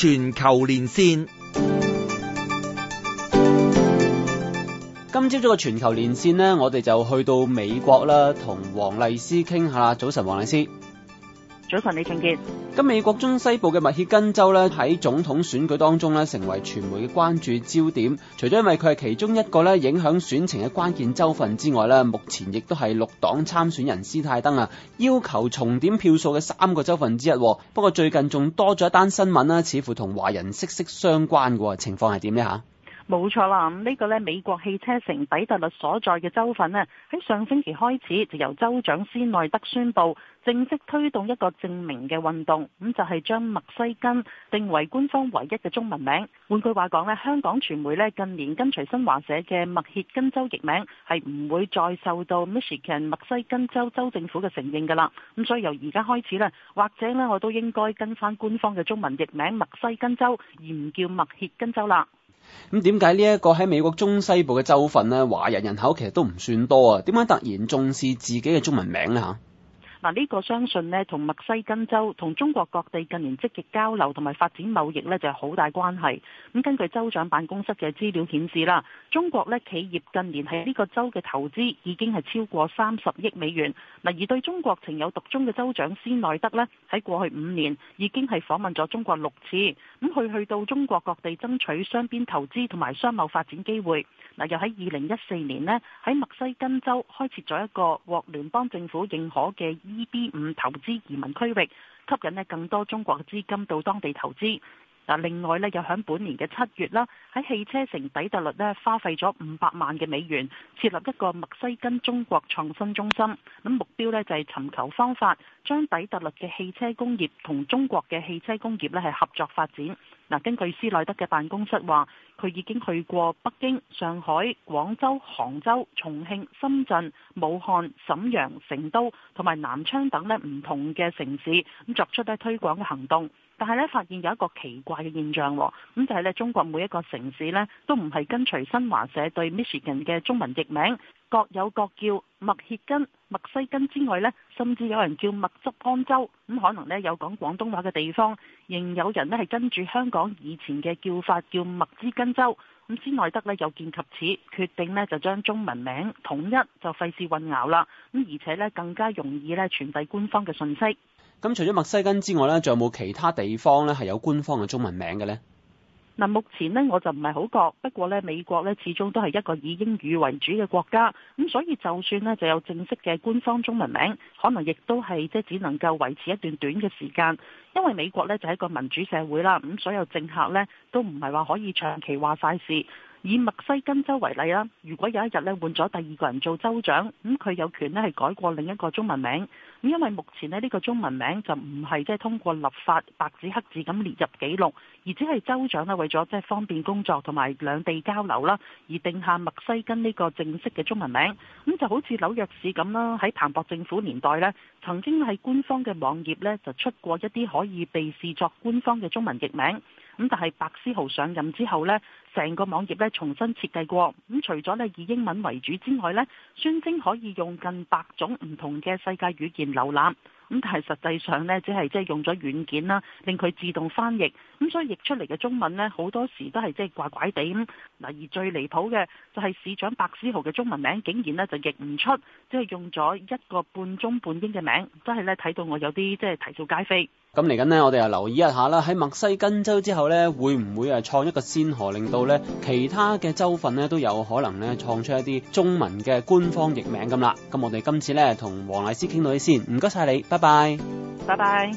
全球連線，今朝早嘅全球連線呢，我哋就去到美國啦，同黃麗施傾下。早晨，黃麗施。早晨，李俊傑。咁美國中西部嘅密歇根州呢，喺總統選舉當中呢，成為傳媒嘅關注焦點。除咗因為佢係其中一個呢影響選情嘅關鍵州份之外呢，目前亦都係綠黨參選人斯泰登啊要求重點票數嘅三個州份之一。不過最近仲多咗一單新聞咧，似乎同華人息息相關嘅情況係點呢？嚇？冇錯啦，呢、這個呢美國汽車城底特律所在嘅州份呢，喺上星期開始就由州長斯內德宣布正式推動一個正名嘅運動，咁就係、是、將密西根定為官方唯一嘅中文名。換句話講呢，香港傳媒呢近年跟隨新華社嘅密歇根州譯名，係唔會再受到 Michigan 密西根州州政府嘅承認噶啦。咁所以由而家開始咧，或者呢我都應該跟翻官方嘅中文譯名密西根州，而唔叫密歇根州啦。而不叫咁點解呢一個喺美國中西部嘅州份咧，華人人口其實都唔算多啊？點解突然重視自己嘅中文名咧嚇？嗱、這、呢個相信咧，同密西根州同中國各地近年積極交流同埋發展貿易咧，就係好大關係。咁根據州長辦公室嘅資料顯示啦，中國咧企業近年喺呢個州嘅投資已經係超過三十億美元。嗱，而對中國情有獨鍾嘅州長斯奈德咧，喺過去五年已經係訪問咗中國六次。咁佢去到中國各地爭取雙邊投資同埋商貿發展機會。嗱，又喺二零一四年咧，喺密西根州開設咗一個獲聯邦政府認可嘅。EB 五投資移民區域，吸引更多中國嘅資金到當地投資。嗱，另外又喺本年嘅七月啦，喺汽車城底特律花費咗五百萬嘅美元設立一個密西根中國創新中心。咁目標就係尋求方法，將底特律嘅汽車工業同中國嘅汽車工業合作發展。嗱，根據斯奈德嘅辦公室話，佢已經去過北京、上海、廣州、杭州、重慶、深圳、武漢、瀋陽、成都同埋南昌等咧唔同嘅城市，咁作出咧推廣嘅行動。但係咧發現有一個奇怪嘅現象，咁就係咧中國每一個城市都唔係跟隨新華社對 Michigan 嘅中文譯名。各有各叫，密歇根、密西根之外呢，甚至有人叫密執安州，咁可能呢，有講廣東話嘅地方，仍有人呢係跟住香港以前嘅叫法，叫密芝根州。咁斯內德呢，有見及此，決定呢就將中文名統一，就費事混淆啦。咁而且呢，更加容易呢傳遞官方嘅訊息。咁除咗密西根之外呢，仲有冇其他地方呢係有官方嘅中文名嘅呢？嗱，目前呢，我就唔係好覺，不過咧美國咧始終都係一個以英語為主嘅國家，咁所以就算呢就有正式嘅官方中文名，可能亦都係即只能夠維持一段短嘅時間，因為美國咧就係一個民主社會啦，咁所有政客咧都唔係話可以長期話晒事。以密西根州為例啦，如果有一日咧換咗第二個人做州長，咁佢有權咧係改過另一個中文名。因為目前咧呢個中文名就唔係即係通過立法白紙黑字咁列入記錄，而只係州長咧為咗即係方便工作同埋兩地交流啦，而定下密西根呢個正式嘅中文名。咁就好似紐約市咁啦，喺彭博政府年代呢，曾經喺官方嘅網頁呢就出過一啲可以被視作官方嘅中文譯名。咁但係白思豪上任之後呢，成個網頁呢重新設計過。咁除咗呢以英文為主之外呢，宣稱可以用近百種唔同嘅世界語言瀏覽。咁但係實際上呢，只係即係用咗軟件啦，令佢自動翻譯。咁所以譯出嚟嘅中文呢，好多時都係即係怪怪地咁。而最離譜嘅就係市長白思豪嘅中文名，竟然呢就譯唔出，即係用咗一個半中半英嘅名，真係呢，睇到我有啲即係啼笑皆非。咁嚟緊呢，我哋又留意一下啦。喺密西根州之後呢，會唔會啊創一個先河，令到呢其他嘅州份呢都有可能創出一啲中文嘅官方譯名咁啦。咁我哋今次呢，同黃麗施傾到呢先，唔該晒你，拜拜，拜拜。